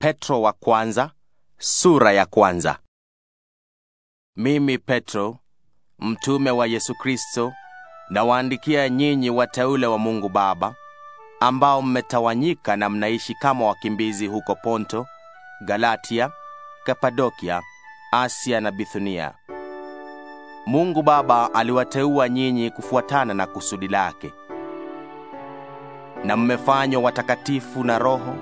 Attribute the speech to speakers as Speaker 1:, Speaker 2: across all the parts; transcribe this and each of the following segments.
Speaker 1: Petro wa kwanza, sura ya kwanza. Mimi Petro mtume wa Yesu Kristo nawaandikia nyinyi wateule wa Mungu Baba ambao mmetawanyika na mnaishi kama wakimbizi huko Ponto, Galatia, Kapadokia, Asia na Bithunia. Mungu Baba aliwateua nyinyi kufuatana na kusudi lake, na mmefanywa watakatifu na Roho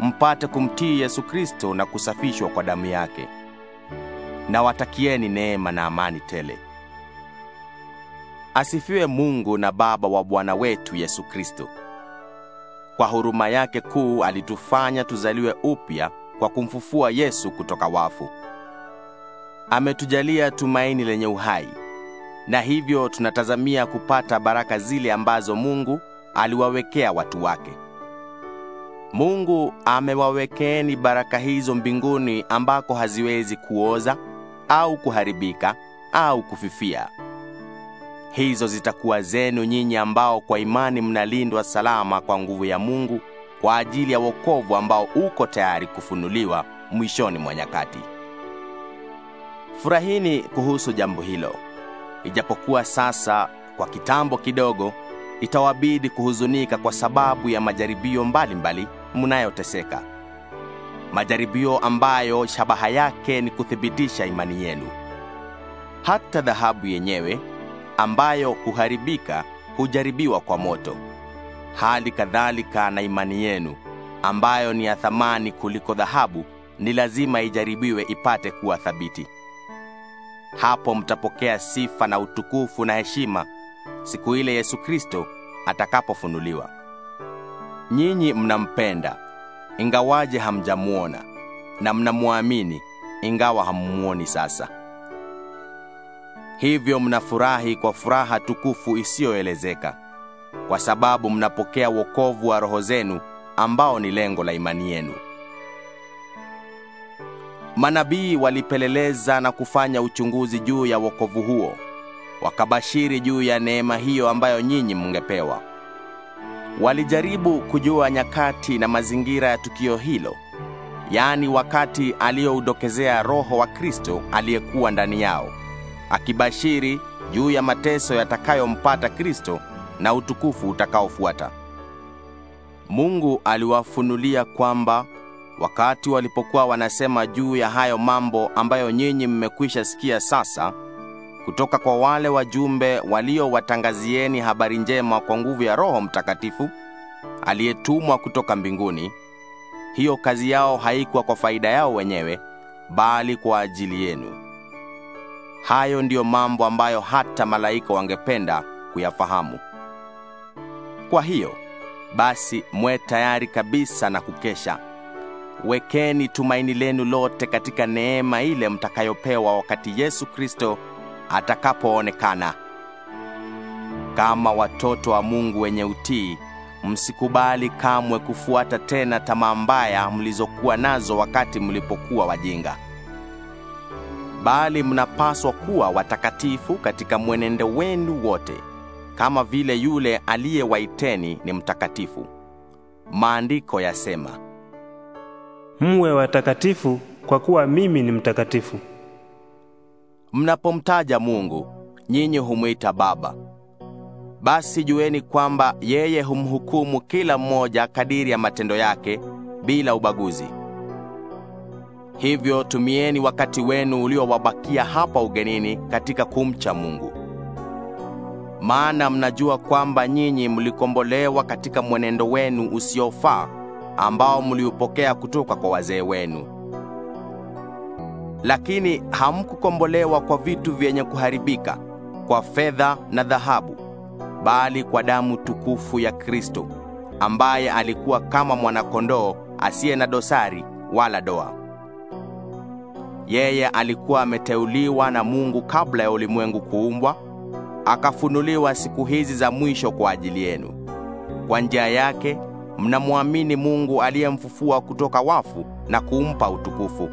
Speaker 1: mpate kumtii Yesu Kristo na kusafishwa kwa damu yake. Na watakieni neema na amani tele. Asifiwe Mungu na Baba wa Bwana wetu Yesu Kristo. Kwa huruma yake kuu alitufanya tuzaliwe upya kwa kumfufua Yesu kutoka wafu. Ametujalia tumaini lenye uhai. Na hivyo tunatazamia kupata baraka zile ambazo Mungu aliwawekea watu wake. Mungu amewawekeni baraka hizo mbinguni ambako haziwezi kuoza au kuharibika au kufifia. Hizo zitakuwa zenu nyinyi ambao kwa imani mnalindwa salama kwa nguvu ya Mungu kwa ajili ya wokovu ambao uko tayari kufunuliwa mwishoni mwa nyakati. Furahini kuhusu jambo hilo. Ijapokuwa sasa kwa kitambo kidogo itawabidi kuhuzunika kwa sababu ya majaribio mbalimbali mbali, mnayoteseka, majaribio ambayo shabaha yake ni kuthibitisha imani yenu. Hata dhahabu yenyewe ambayo huharibika hujaribiwa kwa moto, hali kadhalika na imani yenu ambayo ni ya thamani kuliko dhahabu, ni lazima ijaribiwe ipate kuwa thabiti. Hapo mtapokea sifa na utukufu na heshima siku ile Yesu Kristo atakapofunuliwa. Nyinyi mnampenda ingawaje hamjamwona, na mnamwamini ingawa hammwoni sasa. Hivyo mnafurahi kwa furaha tukufu isiyoelezeka, kwa sababu mnapokea wokovu wa roho zenu ambao ni lengo la imani yenu. Manabii walipeleleza na kufanya uchunguzi juu ya wokovu huo, wakabashiri juu ya neema hiyo ambayo nyinyi mngepewa. Walijaribu kujua nyakati na mazingira ya tukio hilo, yaani wakati aliyoudokezea Roho wa Kristo aliyekuwa ndani yao, akibashiri juu ya mateso yatakayompata Kristo na utukufu utakaofuata. Mungu aliwafunulia kwamba wakati walipokuwa wanasema juu ya hayo mambo ambayo nyinyi mmekwisha sikia sasa kutoka kwa wale wajumbe waliowatangazieni habari njema kwa nguvu ya Roho Mtakatifu aliyetumwa kutoka mbinguni. Hiyo kazi yao haikuwa kwa faida yao wenyewe, bali kwa ajili yenu. Hayo ndiyo mambo ambayo hata malaika wangependa kuyafahamu. Kwa hiyo basi, mwe tayari kabisa na kukesha. Wekeni tumaini lenu lote katika neema ile mtakayopewa wakati Yesu Kristo atakapoonekana. Kama watoto wa Mungu wenye utii, msikubali kamwe kufuata tena tamaa mbaya mlizokuwa nazo wakati mlipokuwa wajinga, bali mnapaswa kuwa watakatifu katika mwenendo wenu wote, kama vile yule aliyewaiteni ni mtakatifu. Maandiko yasema, mwe watakatifu kwa kuwa mimi ni mtakatifu. Mnapomtaja Mungu, nyinyi humwita Baba. Basi jueni kwamba yeye humhukumu kila mmoja kadiri ya matendo yake bila ubaguzi. Hivyo tumieni wakati wenu uliowabakia hapa ugenini katika kumcha Mungu. Maana mnajua kwamba nyinyi mlikombolewa katika mwenendo wenu usiofaa ambao mliupokea kutoka kwa wazee wenu lakini hamkukombolewa kwa vitu vyenye kuharibika, kwa fedha na dhahabu, bali kwa damu tukufu ya Kristo, ambaye alikuwa kama mwanakondoo asiye na dosari wala doa. Yeye alikuwa ameteuliwa na Mungu kabla ya ulimwengu kuumbwa, akafunuliwa siku hizi za mwisho kwa ajili yenu. Kwa njia yake mnamwamini Mungu aliyemfufua kutoka wafu na kumpa utukufu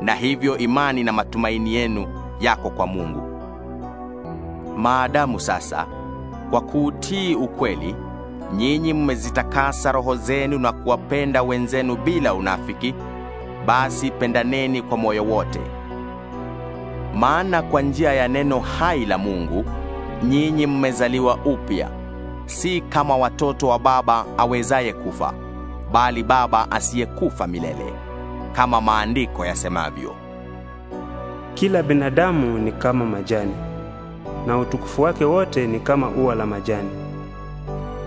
Speaker 1: na hivyo imani na matumaini yenu yako kwa Mungu. Maadamu sasa kwa kuutii ukweli nyinyi mmezitakasa roho zenu na kuwapenda wenzenu bila unafiki, basi pendaneni kwa moyo wote. Maana kwa njia ya neno hai la Mungu nyinyi mmezaliwa upya, si kama watoto wa baba awezaye kufa, bali baba asiyekufa milele kama maandiko yasemavyo, kila binadamu
Speaker 2: ni kama majani na utukufu wake wote ni kama ua la majani.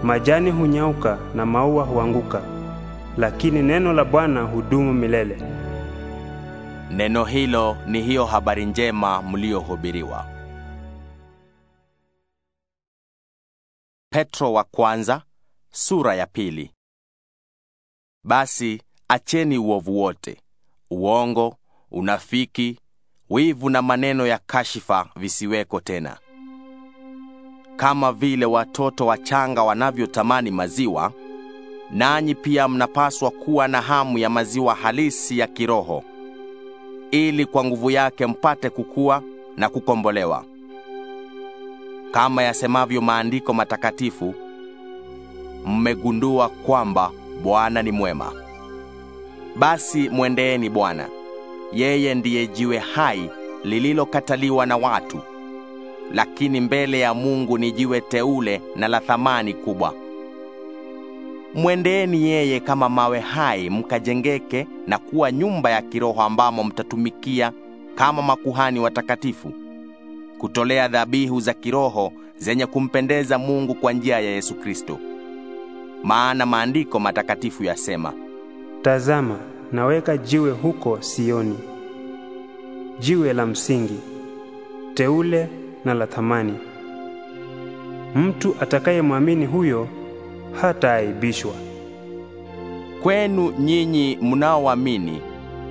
Speaker 2: Majani hunyauka na maua huanguka, lakini neno la Bwana
Speaker 1: hudumu milele. Neno hilo ni hiyo habari njema mliohubiriwa. Petro wa kwanza, sura ya pili. Basi acheni uovu wote, uongo, unafiki, wivu na maneno ya kashifa visiweko tena. Kama vile watoto wachanga wanavyotamani maziwa, nanyi pia mnapaswa kuwa na hamu ya maziwa halisi ya kiroho, ili kwa nguvu yake mpate kukua na kukombolewa. Kama yasemavyo maandiko matakatifu, mmegundua kwamba Bwana ni mwema. Basi mwendeeni Bwana. Yeye ndiye jiwe hai lililokataliwa na watu, lakini mbele ya Mungu ni jiwe teule na la thamani kubwa. Mwendeeni yeye kama mawe hai, mkajengeke na kuwa nyumba ya kiroho ambamo mtatumikia kama makuhani watakatifu, kutolea dhabihu za kiroho zenye kumpendeza Mungu kwa njia ya Yesu Kristo. Maana maandiko matakatifu yasema,
Speaker 2: Tazama, naweka jiwe huko Sioni, jiwe la msingi, teule na la thamani. Mtu atakayemwamini
Speaker 1: huyo hataaibishwa. Kwenu nyinyi mnaoamini,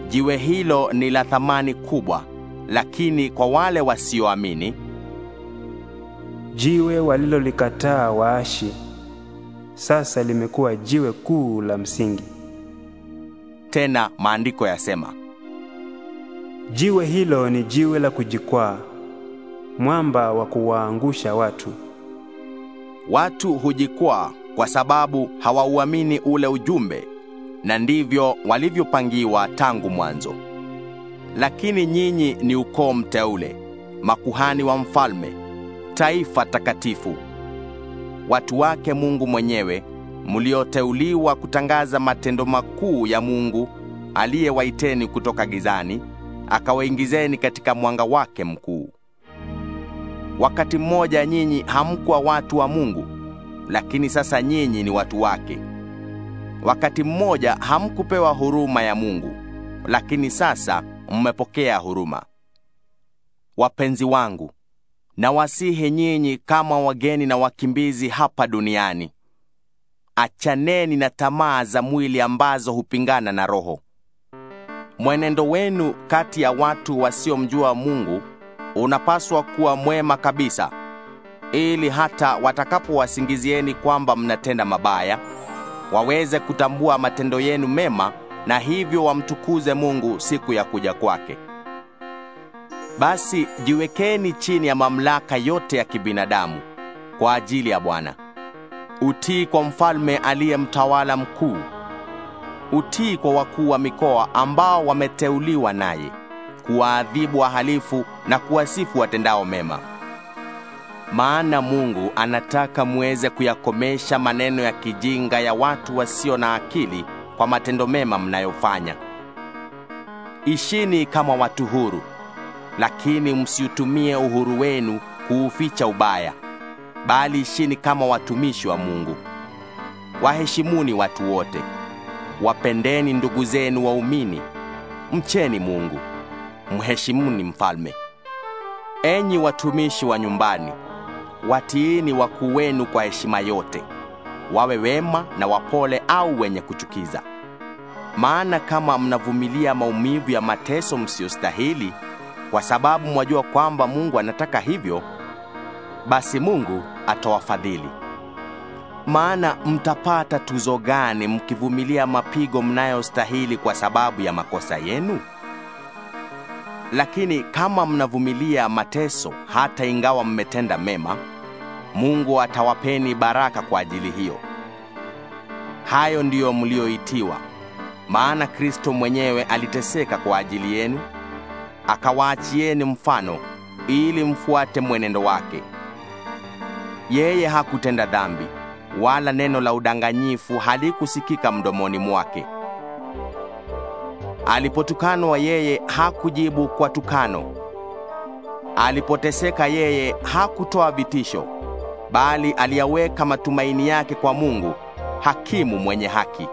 Speaker 1: jiwe hilo ni la thamani kubwa, lakini kwa wale wasioamini,
Speaker 2: jiwe walilolikataa waashi, sasa limekuwa jiwe kuu la msingi.
Speaker 1: Tena maandiko yasema,
Speaker 2: jiwe hilo ni jiwe la kujikwaa, mwamba wa kuwaangusha watu.
Speaker 1: Watu hujikwaa kwa sababu hawauamini ule ujumbe, na ndivyo walivyopangiwa tangu mwanzo. Lakini nyinyi ni ukoo mteule, makuhani wa mfalme, taifa takatifu, watu wake Mungu mwenyewe mlioteuliwa kutangaza matendo makuu ya Mungu aliyewaiteni kutoka gizani akawaingizeni katika mwanga wake mkuu. Wakati mmoja nyinyi hamkuwa watu wa Mungu, lakini sasa nyinyi ni watu wake. Wakati mmoja hamkupewa huruma ya Mungu, lakini sasa mmepokea huruma. Wapenzi wangu, nawasihi nyinyi kama wageni na wakimbizi hapa duniani achaneni na tamaa za mwili ambazo hupingana na roho. Mwenendo wenu kati ya watu wasiomjua Mungu unapaswa kuwa mwema kabisa, ili hata watakapowasingizieni kwamba mnatenda mabaya, waweze kutambua matendo yenu mema na hivyo wamtukuze Mungu siku ya kuja kwake. Basi jiwekeni chini ya mamlaka yote ya kibinadamu kwa ajili ya Bwana utii kwa mfalme aliye mtawala mkuu, utii kwa wakuu wa mikoa ambao wameteuliwa naye, kuwaadhibu wahalifu na kuwasifu watendao mema. Maana Mungu anataka muweze kuyakomesha maneno ya kijinga ya watu wasio na akili kwa matendo mema mnayofanya. Ishini kama watu huru, lakini msiutumie uhuru wenu kuuficha ubaya bali ishini kama watumishi wa Mungu. Waheshimuni watu wote, wapendeni ndugu zenu waumini, mcheni Mungu, mheshimuni mfalme. Enyi watumishi wa nyumbani, watiini wakuu wenu kwa heshima yote, wawe wema na wapole au wenye kuchukiza. Maana kama mnavumilia maumivu ya mateso msiyostahili, kwa sababu mwajua kwamba Mungu anataka hivyo, basi Mungu atawafadhili. Maana mtapata tuzo gani mkivumilia mapigo mnayostahili kwa sababu ya makosa yenu? Lakini kama mnavumilia mateso hata ingawa mmetenda mema, Mungu atawapeni baraka kwa ajili hiyo. Hayo ndiyo mlioitiwa, maana Kristo mwenyewe aliteseka kwa ajili yenu, akawaachieni mfano ili mfuate mwenendo wake. Yeye hakutenda dhambi, wala neno la udanganyifu halikusikika mdomoni mwake. Alipotukanwa yeye hakujibu kwa tukano. Alipoteseka yeye hakutoa vitisho, bali aliyaweka matumaini yake kwa Mungu, hakimu mwenye haki.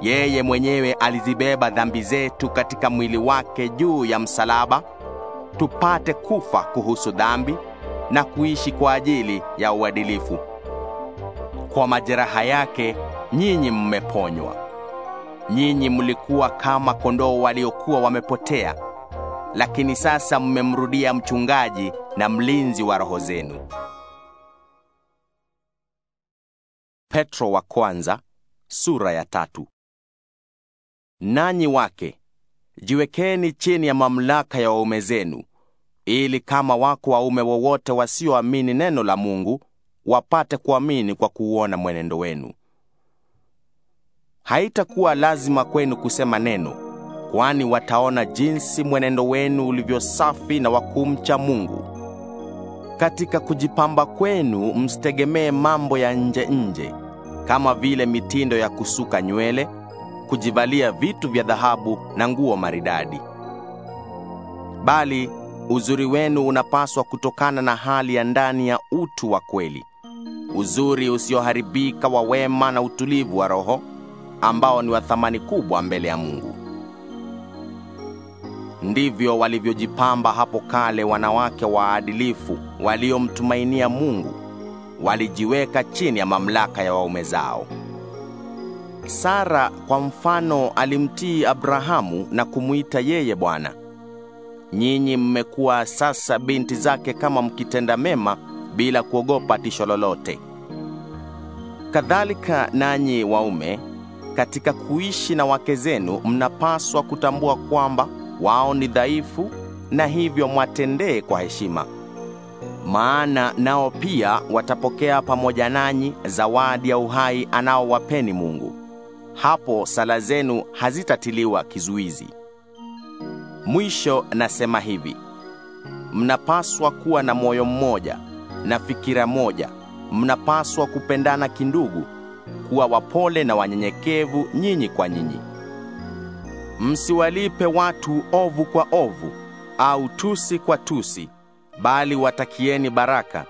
Speaker 1: Yeye mwenyewe alizibeba dhambi zetu katika mwili wake juu ya msalaba, tupate kufa kuhusu dhambi na kuishi kwa ajili ya uadilifu. Kwa majeraha yake nyinyi mmeponywa. Nyinyi mlikuwa kama kondoo waliokuwa wamepotea, lakini sasa mmemrudia mchungaji na mlinzi wa roho zenu. Petro wa kwanza, sura ya tatu. Nanyi wake jiwekeni chini ya mamlaka ya waume zenu ili kama wako waume wowote wasioamini neno la Mungu wapate kuamini kwa kuuona mwenendo wenu. Haitakuwa lazima kwenu kusema neno, kwani wataona jinsi mwenendo wenu ulivyo safi na wa kumcha Mungu. Katika kujipamba kwenu, msitegemee mambo ya nje nje kama vile mitindo ya kusuka nywele, kujivalia vitu vya dhahabu na nguo maridadi, bali Uzuri wenu unapaswa kutokana na hali ya ndani ya utu wa kweli, uzuri usioharibika wa wema na utulivu wa roho ambao ni wa thamani kubwa mbele ya Mungu. Ndivyo walivyojipamba hapo kale wanawake waadilifu waliomtumainia Mungu, walijiweka chini ya mamlaka ya waume zao. Sara kwa mfano alimtii Abrahamu na kumwita yeye bwana nyinyi mmekuwa sasa binti zake kama mkitenda mema bila kuogopa tisho lolote. Kadhalika nanyi waume, katika kuishi na wake zenu mnapaswa kutambua kwamba wao ni dhaifu, na hivyo mwatendee kwa heshima, maana nao pia watapokea pamoja nanyi zawadi ya uhai anaowapeni Mungu. Hapo sala zenu hazitatiliwa kizuizi. Mwisho nasema hivi: mnapaswa kuwa na moyo mmoja na fikira moja. Mnapaswa kupendana kindugu, kuwa wapole na wanyenyekevu nyinyi kwa nyinyi. Msiwalipe watu ovu kwa ovu au tusi kwa tusi, bali watakieni baraka,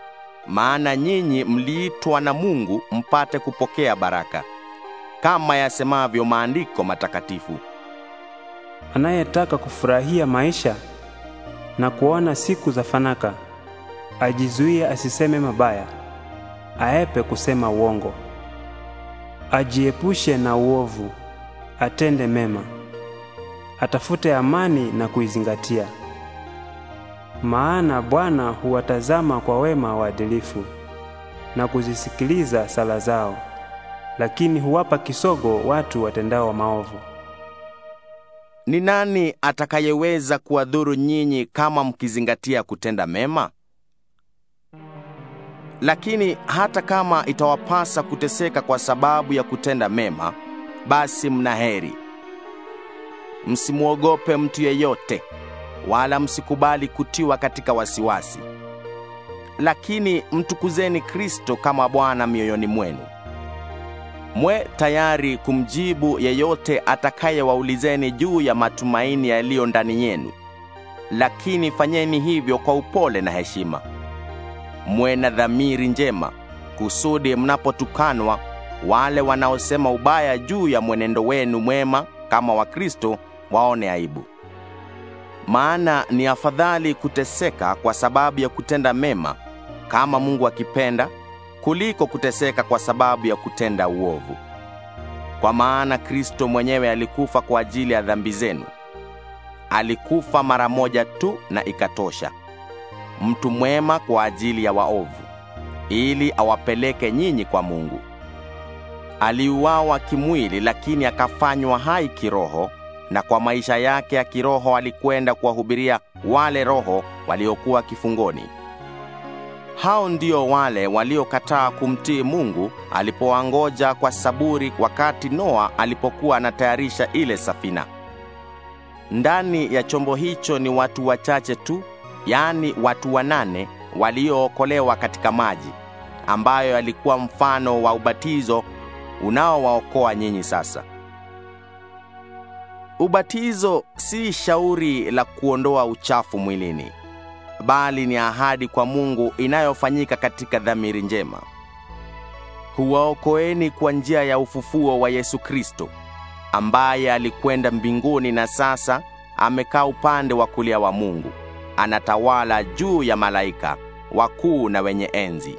Speaker 1: maana nyinyi mliitwa na Mungu mpate kupokea baraka, kama yasemavyo maandiko matakatifu
Speaker 2: anayetaka kufurahia maisha na kuona siku za fanaka ajizuie asiseme mabaya, aepe kusema uongo, ajiepushe na uovu, atende mema, atafute amani na kuizingatia. Maana Bwana huwatazama kwa wema waadilifu na kuzisikiliza sala zao, lakini huwapa kisogo watu watendao maovu.
Speaker 1: Ni nani atakayeweza kuwadhuru nyinyi kama mkizingatia kutenda mema? Lakini hata kama itawapasa kuteseka kwa sababu ya kutenda mema, basi mna heri. Msimwogope mtu yeyote, wala msikubali kutiwa katika wasiwasi. Lakini mtukuzeni Kristo kama Bwana mioyoni mwenu mwe tayari kumjibu yeyote atakayewaulizeni juu ya matumaini yaliyo ndani yenu, lakini fanyeni hivyo kwa upole na heshima. Mwe na dhamiri njema, kusudi mnapotukanwa wale wanaosema ubaya juu ya mwenendo wenu mwema kama Wakristo waone aibu. Maana ni afadhali kuteseka kwa sababu ya kutenda mema, kama Mungu akipenda kuliko kuteseka kwa sababu ya kutenda uovu. Kwa maana Kristo mwenyewe alikufa kwa ajili ya dhambi zenu. Alikufa mara moja tu na ikatosha, mtu mwema kwa ajili ya waovu, ili awapeleke nyinyi kwa Mungu. Aliuawa kimwili, lakini akafanywa hai kiroho, na kwa maisha yake ya kiroho alikwenda kuwahubiria wale roho waliokuwa kifungoni. Hao ndio wale waliokataa kumtii Mungu alipowangoja kwa saburi wakati Noa alipokuwa anatayarisha ile safina. Ndani ya chombo hicho ni watu wachache tu, yaani watu wanane waliookolewa katika maji, ambayo yalikuwa mfano wa ubatizo unaowaokoa nyinyi sasa. Ubatizo si shauri la kuondoa uchafu mwilini bali ni ahadi kwa Mungu inayofanyika katika dhamiri njema. Huwaokoeni kwa njia ya ufufuo wa Yesu Kristo, ambaye alikwenda mbinguni na sasa amekaa upande wa kulia wa Mungu. Anatawala juu ya malaika wakuu na wenye enzi.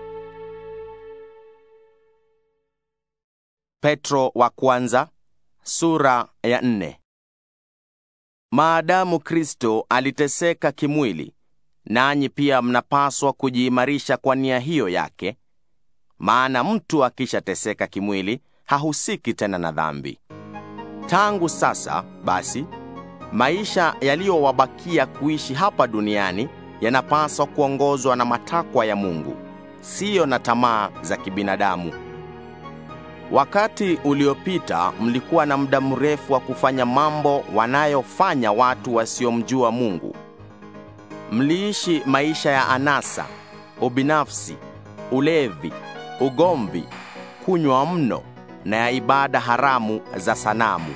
Speaker 1: Petro wa kwanza, sura ya nne. Maadamu Kristo aliteseka kimwili, nanyi pia mnapaswa kujiimarisha kwa nia hiyo yake, maana mtu akishateseka kimwili hahusiki tena na dhambi. Tangu sasa basi, maisha yaliyowabakia kuishi hapa duniani yanapaswa kuongozwa na matakwa ya Mungu, siyo na tamaa za kibinadamu. Wakati uliopita mlikuwa na muda mrefu wa kufanya mambo wanayofanya watu wasiomjua Mungu mliishi maisha ya anasa, ubinafsi, ulevi, ugomvi, kunywa mno na ya ibada haramu za sanamu.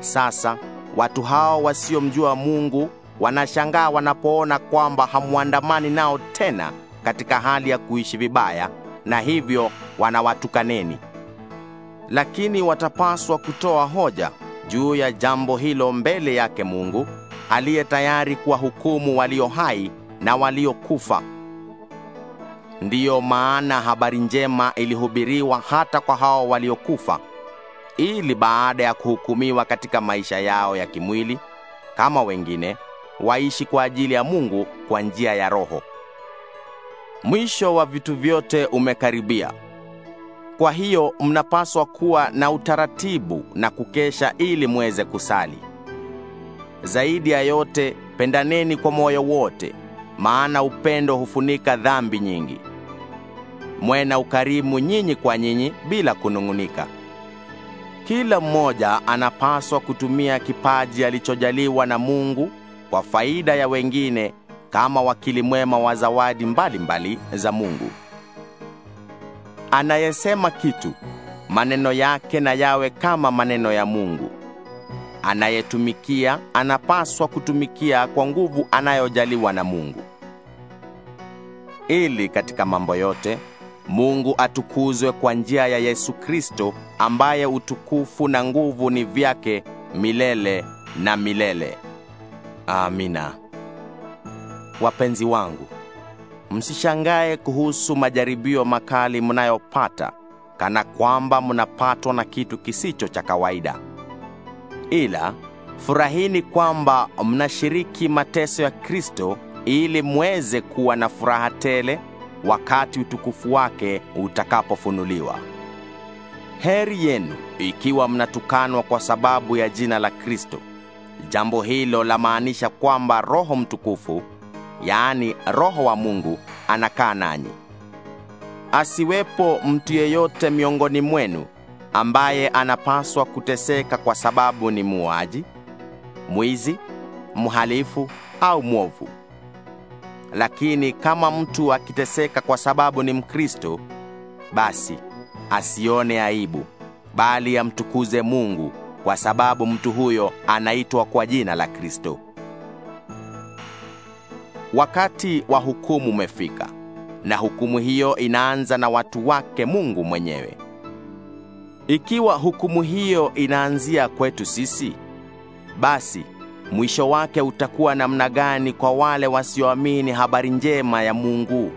Speaker 1: Sasa watu hao wasiomjua Mungu wanashangaa wanapoona kwamba hamwandamani nao tena katika hali ya kuishi vibaya, na hivyo wanawatukaneni. Lakini watapaswa kutoa hoja juu ya jambo hilo mbele yake Mungu aliye tayari kuwahukumu walio hai na waliokufa. Ndiyo maana habari njema ilihubiriwa hata kwa hao waliokufa, ili baada ya kuhukumiwa katika maisha yao ya kimwili kama wengine, waishi kwa ajili ya Mungu kwa njia ya Roho. Mwisho wa vitu vyote umekaribia. Kwa hiyo mnapaswa kuwa na utaratibu na kukesha ili muweze kusali. Zaidi ya yote, pendaneni kwa moyo wote, maana upendo hufunika dhambi nyingi. Mwe na ukarimu nyinyi kwa nyinyi bila kunung'unika. Kila mmoja anapaswa kutumia kipaji alichojaliwa na Mungu kwa faida ya wengine kama wakili mwema wa zawadi mbalimbali mbali za Mungu. Anayesema kitu, maneno yake na yawe kama maneno ya Mungu. Anayetumikia anapaswa kutumikia kwa nguvu anayojaliwa na Mungu, ili katika mambo yote Mungu atukuzwe kwa njia ya Yesu Kristo, ambaye utukufu na nguvu ni vyake milele na milele. Amina. Wapenzi wangu, msishangae kuhusu majaribio makali mnayopata kana kwamba mnapatwa na kitu kisicho cha kawaida. Ila furahini kwamba mnashiriki mateso ya Kristo ili mweze kuwa na furaha tele wakati utukufu wake utakapofunuliwa. Heri yenu ikiwa mnatukanwa kwa sababu ya jina la Kristo. Jambo hilo lamaanisha kwamba Roho Mtukufu, yaani Roho wa Mungu, anakaa nanyi. Asiwepo mtu yeyote miongoni mwenu ambaye anapaswa kuteseka kwa sababu ni muuaji, mwizi, mhalifu au mwovu. Lakini kama mtu akiteseka kwa sababu ni Mkristo, basi asione aibu, bali amtukuze Mungu kwa sababu mtu huyo anaitwa kwa jina la Kristo. Wakati wa hukumu umefika, na hukumu hiyo inaanza na watu wake Mungu mwenyewe. Ikiwa hukumu hiyo inaanzia kwetu sisi, basi mwisho wake utakuwa namna gani kwa wale wasioamini habari njema ya Mungu?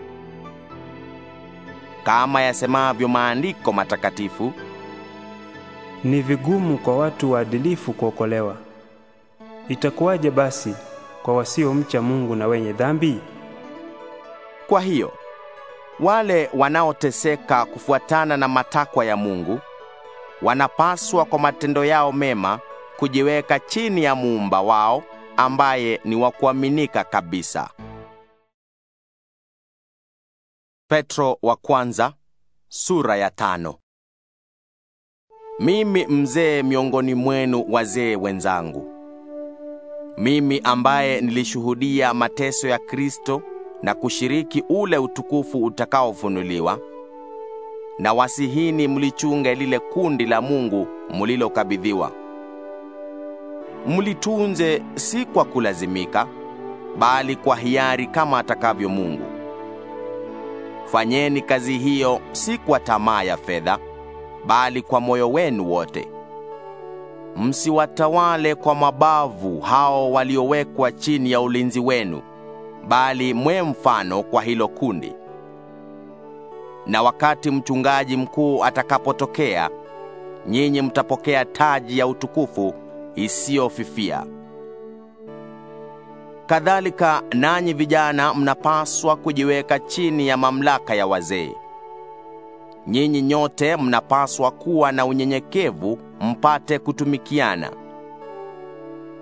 Speaker 1: Kama yasemavyo maandiko matakatifu,
Speaker 2: ni vigumu kwa watu waadilifu kuokolewa. Itakuwaje basi kwa wasiomcha
Speaker 1: Mungu na wenye dhambi? Kwa hiyo wale wanaoteseka kufuatana na matakwa ya Mungu wanapaswa kwa matendo yao mema kujiweka chini ya muumba wao ambaye ni wa kuaminika kabisa. Petro wa kwanza, sura ya tano. Mimi mzee miongoni mwenu wazee wenzangu, mimi ambaye nilishuhudia mateso ya Kristo na kushiriki ule utukufu utakaofunuliwa na wasihini mlichunge lile kundi la Mungu mlilokabidhiwa. Mlitunze si kwa kulazimika, bali kwa hiari kama atakavyo Mungu. Fanyeni kazi hiyo si kwa tamaa ya fedha, bali kwa moyo wenu wote. Msiwatawale kwa mabavu hao waliowekwa chini ya ulinzi wenu, bali mwe mfano kwa hilo kundi na wakati mchungaji mkuu atakapotokea, nyinyi mtapokea taji ya utukufu isiyofifia. Kadhalika nanyi vijana mnapaswa kujiweka chini ya mamlaka ya wazee. Nyinyi nyote mnapaswa kuwa na unyenyekevu mpate kutumikiana.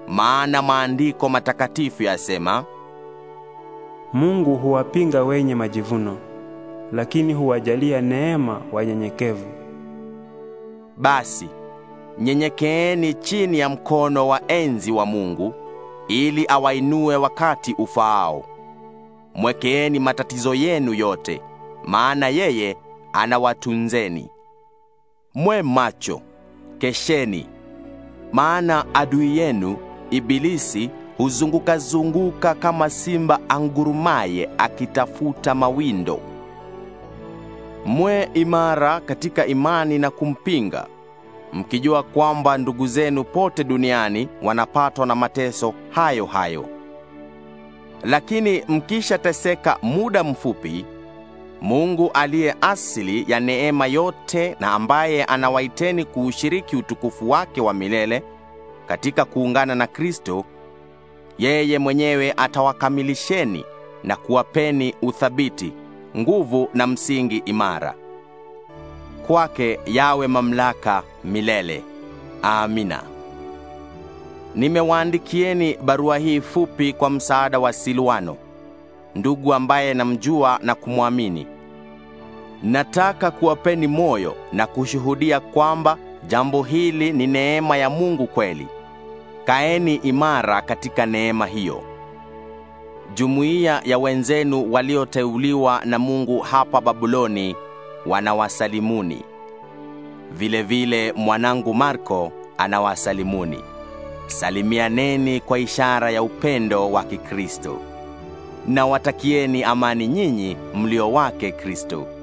Speaker 1: Maana maandiko matakatifu yasema,
Speaker 2: Mungu huwapinga wenye majivuno lakini huwajalia
Speaker 1: neema wanyenyekevu. Basi nyenyekeeni chini ya mkono wa enzi wa Mungu ili awainue wakati ufaao. Mwekeeni matatizo yenu yote, maana yeye anawatunzeni. Mwe macho, kesheni, maana adui yenu Ibilisi huzunguka zunguka kama simba angurumaye akitafuta mawindo mwe imara katika imani na kumpinga, mkijua kwamba ndugu zenu pote duniani wanapatwa na mateso hayo hayo. Lakini mkishateseka muda mfupi, Mungu aliye asili ya neema yote na ambaye anawaiteni kuushiriki utukufu wake wa milele katika kuungana na Kristo, yeye mwenyewe atawakamilisheni na kuwapeni uthabiti nguvu na msingi imara. Kwake yawe mamlaka milele. Amina. Nimewaandikieni barua hii fupi kwa msaada wa Silwano, ndugu ambaye namjua na kumwamini. Nataka kuwapeni moyo na kushuhudia kwamba jambo hili ni neema ya Mungu kweli. Kaeni imara katika neema hiyo. Jumuiya ya wenzenu walioteuliwa na Mungu hapa Babuloni wanawasalimuni. Vilevile mwanangu Marko anawasalimuni. Salimianeni kwa ishara ya upendo wa Kikristo. Na watakieni amani nyinyi mlio wake Kristo.